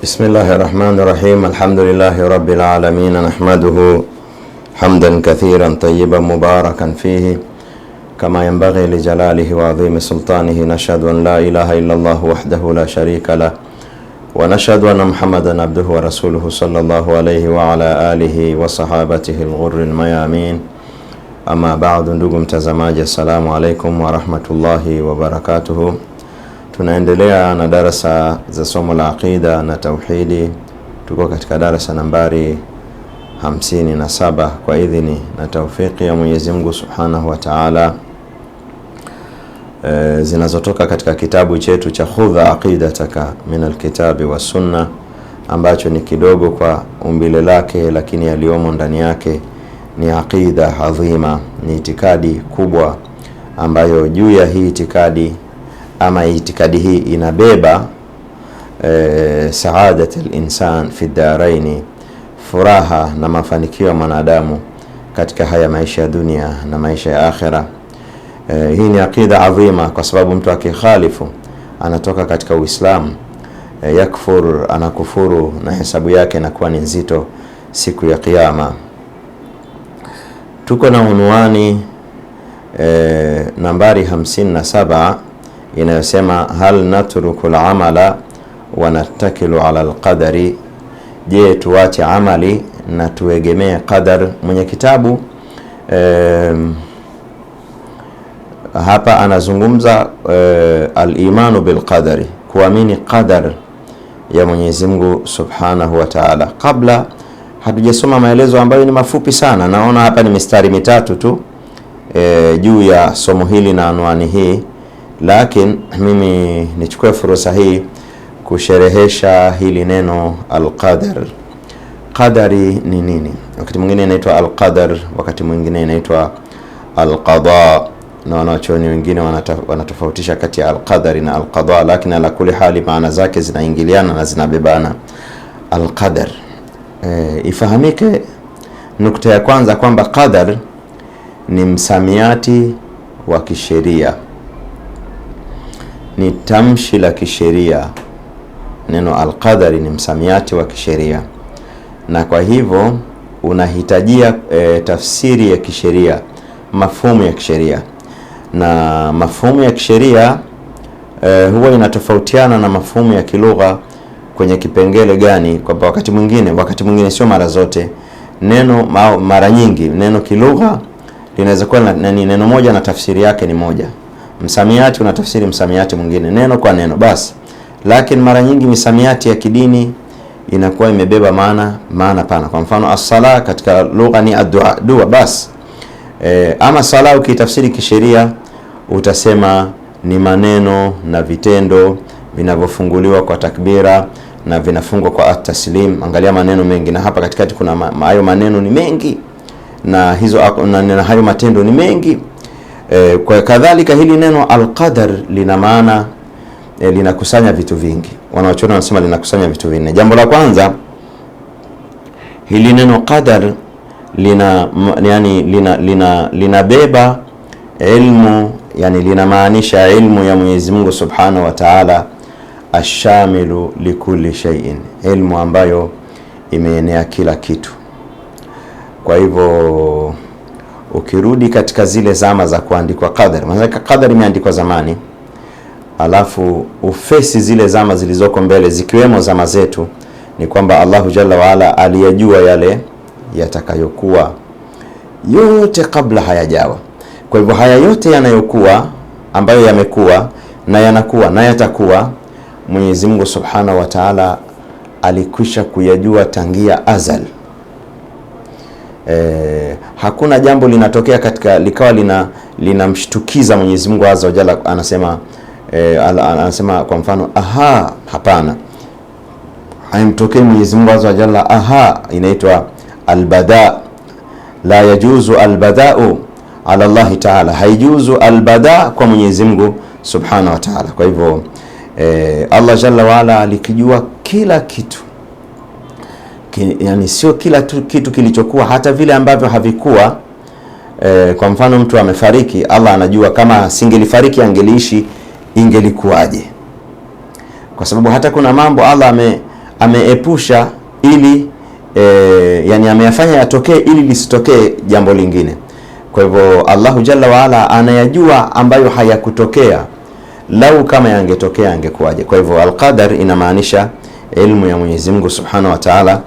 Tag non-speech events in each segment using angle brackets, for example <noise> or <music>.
بسم الله الرحمن الرحيم الحمد لله رب العالمين نحمده حمدا كثيرا طيبا مباركا فيه كما ينبغي لجلاله وعظيم سلطانه نشهد أن لا إله إلا الله وحده لا شريك له ونشهد أن محمدا عبده ورسوله صلى الله عليه وعلى آله وصحابته الغر الميامين أما بعد ندوم تزماج السلام عليكم ورحمة الله وبركاته Tunaendelea na darasa za somo la aqida na tauhidi. Tuko katika darasa nambari 57 kwa idhini na taufiki ya Mwenyezi Mungu Subhanahu wa Ta'ala, e, zinazotoka katika kitabu chetu cha khudha aqidataka min alkitabi wa sunna, ambacho ni kidogo kwa umbile lake, lakini yaliyomo ndani yake ni aqida adhima, ni itikadi kubwa ambayo juu ya hii itikadi ama itikadi hii inabeba e, eh, saadat linsan fi daraini, furaha na mafanikio ya mwanadamu katika haya maisha ya dunia na maisha ya akhira. E, eh, hii ni aqida adhima, kwa sababu mtu akikhalifu anatoka katika Uislamu e, yakfur, anakufuru na hesabu yake inakuwa ni nzito siku ya Kiyama. Tuko na unwani e, nambari 57 inayosema hal natruku lamala wa ala alqadari, je, tuache amali na tuegemee qadar. Mwenye kitabu eh, hapa anazungumza eh, alimanu bilqadari, kuamini qadar ya Mwenyezi Mungu subhanahu wa taala. Kabla hatujasoma maelezo ambayo ni mafupi sana, naona hapa ni mistari mitatu tu eh, juu ya somo hili na anwani hii lakini mimi nichukue fursa hii kusherehesha hili neno alqadar. Qadari ni nini? Wakati mwingine inaitwa alqadar, wakati mwingine inaitwa alqada, na wanachuoni wengine wanatofautisha kati ya alqadari na alqada, lakini ala kuli hali maana zake zinaingiliana na zinabebana. Alqadar e, eh, ifahamike nukta ya kwanza kwamba qadar ni msamiati wa kisheria ni tamshi la kisheria. Neno alqadari ni msamiati wa kisheria, na kwa hivyo unahitajia e, tafsiri ya kisheria, mafumu ya kisheria, na mafumu ya kisheria e, huwa inatofautiana na mafumu ya kilugha kwenye kipengele gani, kwamba wakati mwingine, wakati mwingine, sio mara zote, neno mara nyingi, neno kilugha linaweza kuwa ni neno moja na tafsiri yake ni moja Msamiati unatafsiri msamiati mwingine neno kwa neno basi, lakini mara nyingi misamiati ya kidini inakuwa imebeba maana maana pana. Kwa mfano as-sala katika lugha ni adua dua, basi e, ama sala ukitafsiri kisheria utasema ni maneno na vitendo vinavyofunguliwa kwa takbira na vinafungwa kwa at-taslim. Angalia maneno mengi, na hapa katikati kuna hayo ma maneno ni mengi na hizo na hayo matendo ni mengi Eh, kwa kadhalika hili neno alqadar lina maana e, linakusanya vitu vingi. Wanawachuoni wanasema linakusanya vitu vinne. Jambo la kwanza, hili neno qadar lina yani lina lina linabeba ilmu yani linamaanisha ilmu ya Mwenyezi Mungu Subhanahu wa Ta'ala, ashamilu likulli shay'in, ilmu ambayo imeenea kila kitu. Kwa hivyo ukirudi katika zile zama za kuandikwa qadar, maana qadar imeandikwa zamani, alafu ufesi zile zama zilizoko mbele zikiwemo zama zetu, ni kwamba Allahu jalla waala aliyajua yale yatakayokuwa yote kabla hayajawa. Kwa hivyo haya yote yanayokuwa, ambayo yamekuwa na yanakuwa na yatakuwa, Mwenyezi Mungu subhanahu wa taala alikwisha kuyajua tangia azal Eh, hakuna jambo linatokea katika likawa lina linamshtukiza Mwenyezi Mungu azza wa jalla, anasema e, anasema kwa mfano aha, hapana, haimtokee Mwenyezi Mungu azza wa jalla aha. Inaitwa albada, la yajuzu albadau ala Allah taala, haijuzu albada kwa Mwenyezi Mungu subhanahu wa taala. Kwa hivyo e, Allah jalla waala alikijua kila kitu ki, yani sio kila tu, kitu kilichokuwa hata vile ambavyo havikuwa e, kwa mfano mtu amefariki, Allah anajua kama singelifariki angeliishi ingelikuwaje, kwa sababu hata kuna mambo Allah ame, ameepusha ili e, yani ameyafanya yatokee ili lisitokee jambo lingine. Kwa hivyo Allahu Jalla waala anayajua ambayo hayakutokea, lau kama yangetokea angekuwaje? Kwa hivyo alqadar inamaanisha ilmu ya Mwenyezi Mungu Subhanahu wa Ta'ala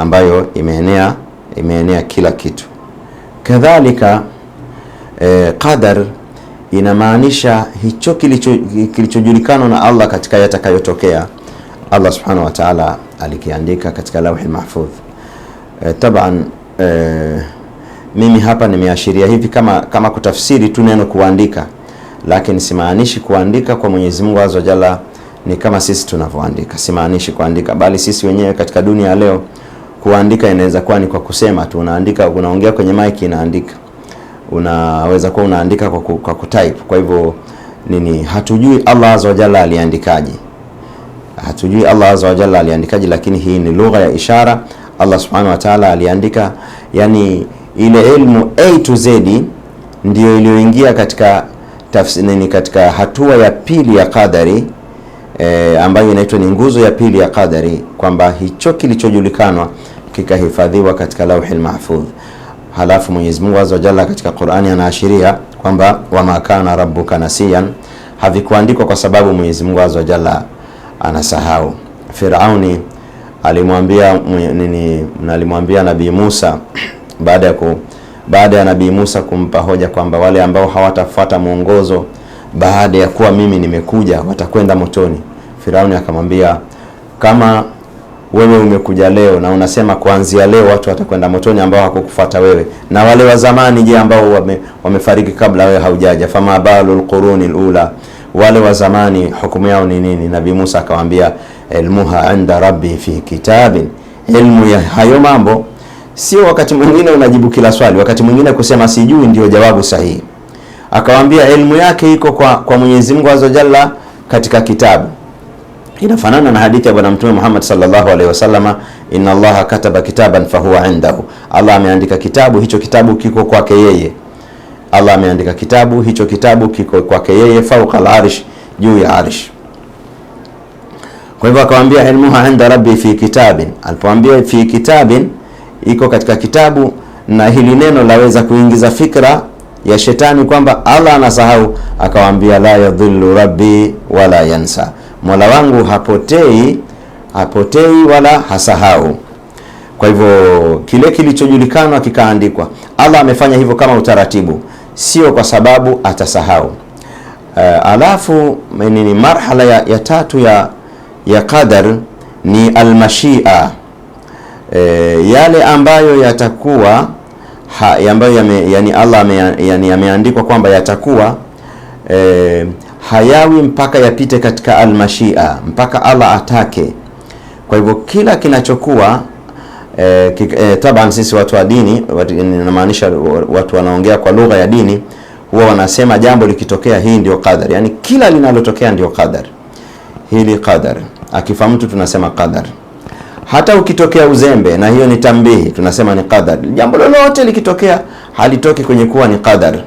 ambayo imeenea, imeenea kila kitu. Kadhalika eh, qadar inamaanisha hicho kilichojulikana na Allah katika yatakayotokea. Allah subhanahu wa ta'ala alikiandika katika lauhi mahfudh. Eh, taban eh, mimi hapa nimeashiria hivi kama, kama kutafsiri tu neno kuandika, lakini simaanishi kuandika kwa Mwenyezi Mungu azza jalla ni kama sisi tunavyoandika, simaanishi kuandika, bali sisi wenyewe katika dunia ya leo Kuandika inaweza kuwa ni kwa kusema tu, unaandika unaongea kwenye mic, inaandika unaweza kuwa unaandika kwa, kwa kutype. Kwa hivyo nini, hatujui Allah azza wa jalla aliandikaje, hatujui Allah azza wa jalla aliandikaje, lakini hii ni lugha ya ishara. Allah subhanahu wa ta'ala aliandika, yani ile ilmu A to Z ndiyo iliyoingia katika tafsiri, katika hatua ya pili ya qadari e, ambayo inaitwa ni nguzo ya pili ya qadari, kwamba hicho kilichojulikanwa kikahifadhiwa katika lauhi lmahfudh. Halafu Mwenyezi Mungu azza jalla katika Qur'ani anaashiria kwamba wama kana rabbuka nasiyan, havikuandikwa kwa sababu Mwenyezi Mungu azza jalla anasahau. Firauni alimwambia nini, alimwambia Nabii Musa baada ya ku baada ya Nabii Musa kumpa hoja kwamba wale ambao hawatafuata mwongozo baada ya kuwa mimi nimekuja watakwenda motoni. Firauni akamwambia, kama wewe umekuja leo na unasema kuanzia leo watu watakwenda motoni ambao hakukufata wewe, na wale wa zamani je, ambao wame, wamefariki kabla wewe haujaja, fama balul quruni alula, wale wa zamani hukumu yao ni nini? Nabii Musa akamwambia, ilmuha inda rabbi fi kitabin, ilmu ya hayo mambo sio wakati mwingine unajibu kila swali, wakati mwingine kusema sijui ndio jawabu sahihi. akawambia elimu yake iko kwa, kwa Mwenyezi Mungu azza jalla katika kitabu Inafanana na hadithi ya Bwana Mtume Muhammad sallallahu alaihi wasallama, inna allaha kataba kitaban fahuwa indahu, Allah ameandika kitabu, hicho kitabu kiko kwake yeye. Allah ameandika kitabu, hicho kitabu kiko kwake yeye, fauqa al-arsh, juu ya arsh. Kwa hivyo akamwambia ilmuha inda rabbi fi kitabin, alipoambia fi kitabin, iko katika kitabu, na hili neno laweza kuingiza fikra ya shetani kwamba Allah anasahau, akawambia la yadhillu rabbi wala yansa Mola wangu hapotei, hapotei wala hasahau. Kwa hivyo kile kilichojulikana kikaandikwa. Allah amefanya hivyo kama utaratibu, sio kwa sababu atasahau. Uh, alafu ni marhala ya, ya tatu ya, ya qadar ni almashia e, yale ambayo yatakuwa ha, ambayo yame, yani Allah yame, yani ameandikwa kwamba yatakuwa e, hayawi mpaka yapite katika almashia, mpaka Allah atake. Kwa hivyo kila kinachokuwa e, e, taban sisi watu wa dini, namaanisha watu wanaongea kwa lugha ya dini, huwa wanasema jambo likitokea, hii ndio qadar, yani kila linalotokea ndio qadar, hili qadar. Akifa mtu tunasema qadar. Hata ukitokea uzembe, na hiyo ni tambihi, tunasema ni qadar. Jambo lolote likitokea halitoki kwenye kuwa ni qadar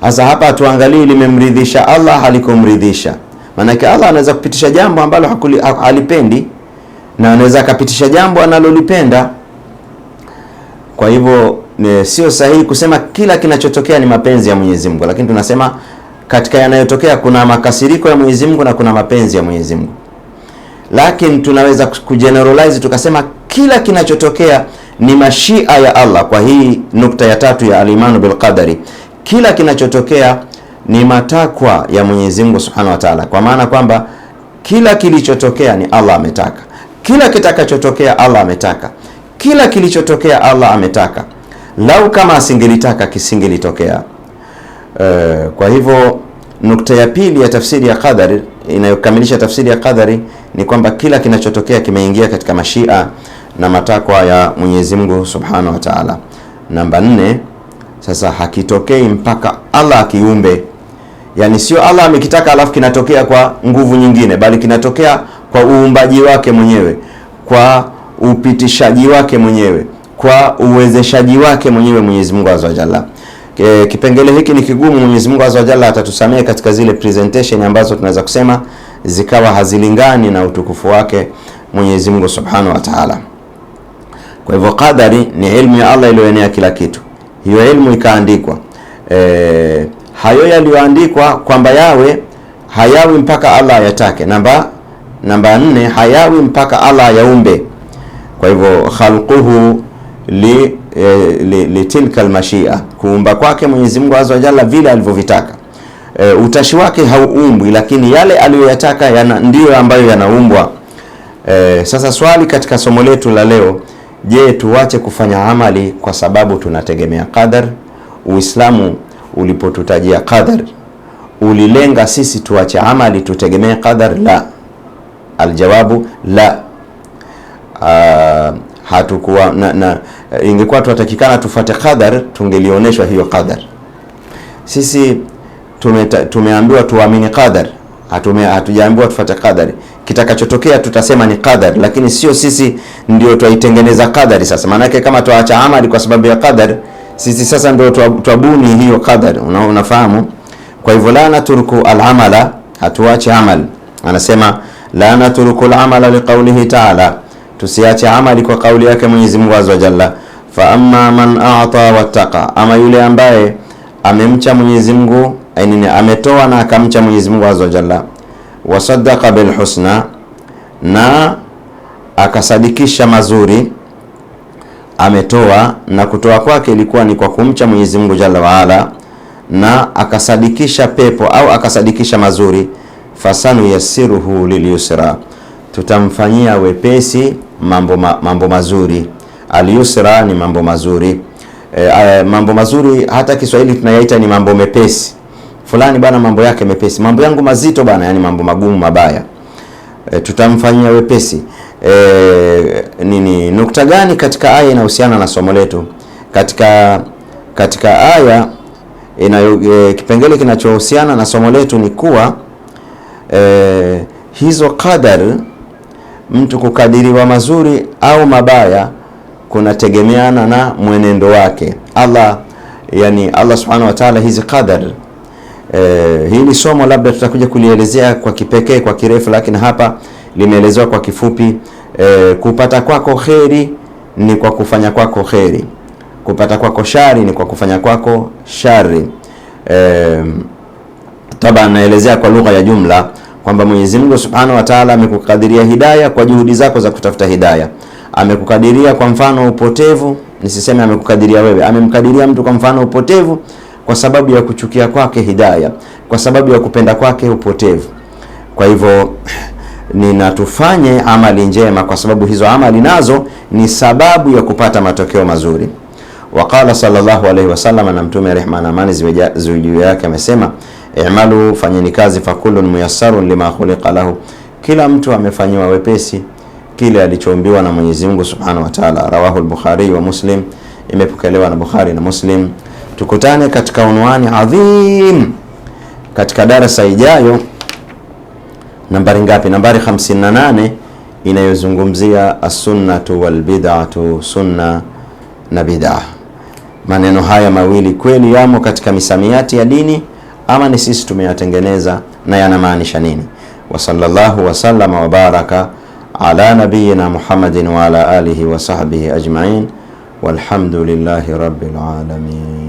sasa hapa tuangalie limemridhisha Allah halikumridhisha. Maanake Allah anaweza kupitisha jambo ambalo hakuli, halipendi na anaweza akapitisha jambo analolipenda. Kwa hivyo eh, sio sahihi kusema kila kinachotokea ni mapenzi ya Mwenyezi Mungu, lakini tunasema katika yanayotokea kuna makasiriko ya Mwenyezi Mungu na kuna mapenzi ya Mwenyezi Mungu, lakini tunaweza kugeneralize tukasema kila kinachotokea ni mashia ya Allah. Kwa hii nukta ya tatu ya alimanu bilqadari kila kinachotokea ni matakwa ya Mwenyezi Mungu Subhanahu wa Ta'ala, kwa maana kwamba kila kilichotokea ni Allah ametaka, kila kitakachotokea Allah ametaka, kila kilichotokea Allah ametaka. Lau kama asingelitaka kisingelitokea. E, kwa hivyo nukta ya pili ya tafsiri ya qadari inayokamilisha tafsiri ya qadari ni kwamba kila kinachotokea kimeingia katika mashia na matakwa ya Mwenyezi Mungu Subhanahu wa Ta'ala. Namba nne sasa hakitokei mpaka Allah akiumbe, yani sio Allah amekitaka alafu kinatokea kwa nguvu nyingine, bali kinatokea kwa uumbaji wake mwenyewe, kwa upitishaji wake mwenyewe, kwa uwezeshaji wake mwenyewe Mwenyezi Mungu azza wajalla. E, kipengele hiki ni kigumu. Mwenyezi Mungu azza wajalla atatusamea katika zile presentation ambazo tunaweza kusema zikawa hazilingani na utukufu wake Mwenyezi Mungu subhanahu wa taala. Kwa hivyo, qadari ni ilmu ya Allah iliyoenea kila kitu hiyo ilmu ikaandikwa. E, hayo yaliyoandikwa kwamba yawe hayawi mpaka Allah yatake Namba namba nne, hayawi mpaka Allah yaumbe Kwa hivyo khalquhu li e, li, li almashia, kuumba kwake Mwenyezi Mungu azza wajalla vile alivyovitaka. E, utashi wake hauumbwi, lakini yale aliyoyataka yana ndiyo ambayo yanaumbwa. E, sasa swali katika somo letu la leo Je, tuwache kufanya amali kwa sababu tunategemea qadar? Uislamu ulipotutajia qadar ulilenga sisi tuache amali tutegemee qadar? La, aljawabu la. Uh, hatukuwa na, na, ingekuwa tunatakikana tufate qadar tungelioneshwa hiyo qadar. Sisi tume, tumeambiwa tuamini qadar hatujaambiwa tufuate kadhari. Kitakachotokea tutasema ni kadhari, lakini sio sisi ndio twaitengeneza kadhari. Sasa maanake kama twaacha amali kwa sababu ya kadhari, sisi sasa ndio twabuni hiyo kadhari, Una, unafahamu? Kwa hivyo la natruku alamala, hatuache amal. Anasema la natruku alamala liqaulihi taala, tusiache amali kwa kauli yake Mwenyezi Mungu azza jalla. Fa amma man a'ta wattaqa, ama yule ambaye amemcha Mwenyezi Mungu nini, ametoa na akamcha Mwenyezi Mungu azza wa wasadaka wasaddaqa bil husna, na akasadikisha mazuri. Ametoa na kutoa kwake ilikuwa ni kwa kumcha Mwenyezi Mungu jalla waala, na akasadikisha pepo au akasadikisha mazuri. Fasanu lilyusra, tutamfanyia wepesi mambo, ma, mambo mazuri. Alyusra ni mambo mazuri. E, mambo mazuri hata Kiswahili tunayaita ni mambo mepesi fulani bana, mambo yake mepesi, mambo yangu mazito bana, yani mambo magumu mabaya e, tutamfanyia wepesi. E, nini nukta gani katika aya inahusiana na somo letu katika katika aya ina, e, kipengele kinachohusiana na somo letu ni kuwa e, hizo qadar, mtu kukadiriwa mazuri au mabaya kunategemeana na mwenendo wake Allah, yani Allah subhanahu wa ta'ala, hizi qadar Eh, hili somo labda tutakuja kulielezea kwa kipekee kwa kirefu, lakini hapa limeelezewa kwa kifupi. Eh, kupata kwako kheri ni kwa kufanya kwako kheri, kupata kwako shari ni kwa kufanya kwako shari. Eh, taba anaelezea kwa lugha ya jumla kwamba Mwenyezi Mungu Subhanahu wa Ta'ala amekukadiria hidaya kwa juhudi zako za kutafuta hidaya. Amekukadiria kwa mfano upotevu, nisiseme amekukadiria wewe, amemkadiria mtu kwa mfano upotevu kwa sababu ya kuchukia kwake hidaya, kwa sababu ya kupenda kwake upotevu. Kwa hivyo <clears throat> ninatufanye amali njema, kwa sababu hizo amali nazo ni sababu ya kupata matokeo mazuri. Waqala sallallahu alaihi wasallam, na Mtume rehma na amani ziwe juu yake amesema, i'malu, fanyeni kazi, fakulun muyassarun lima khuliqa lahu, kila mtu amefanyiwa wepesi kile alichoumbiwa na Mwenyezi Mungu subhanahu wa ta'ala. Rawahu al-Bukhari wa Muslim, imepokelewa na Bukhari na Muslim tukutane katika unwani adhim katika darasa ijayo, nambari ngapi? Nambari 58 inayozungumzia as walbidatu wal sunna na bidaa Maneno haya mawili kweli yamo katika misamiati ya dini ama ni sisi tumeyatengeneza na yanamaanisha nini? wa sallallahu wa sallama wa baraka ala nabiyyina Muhammadin wa ala alihi wa sahbihi ajma'in walhamdulillahi rabbil alamin.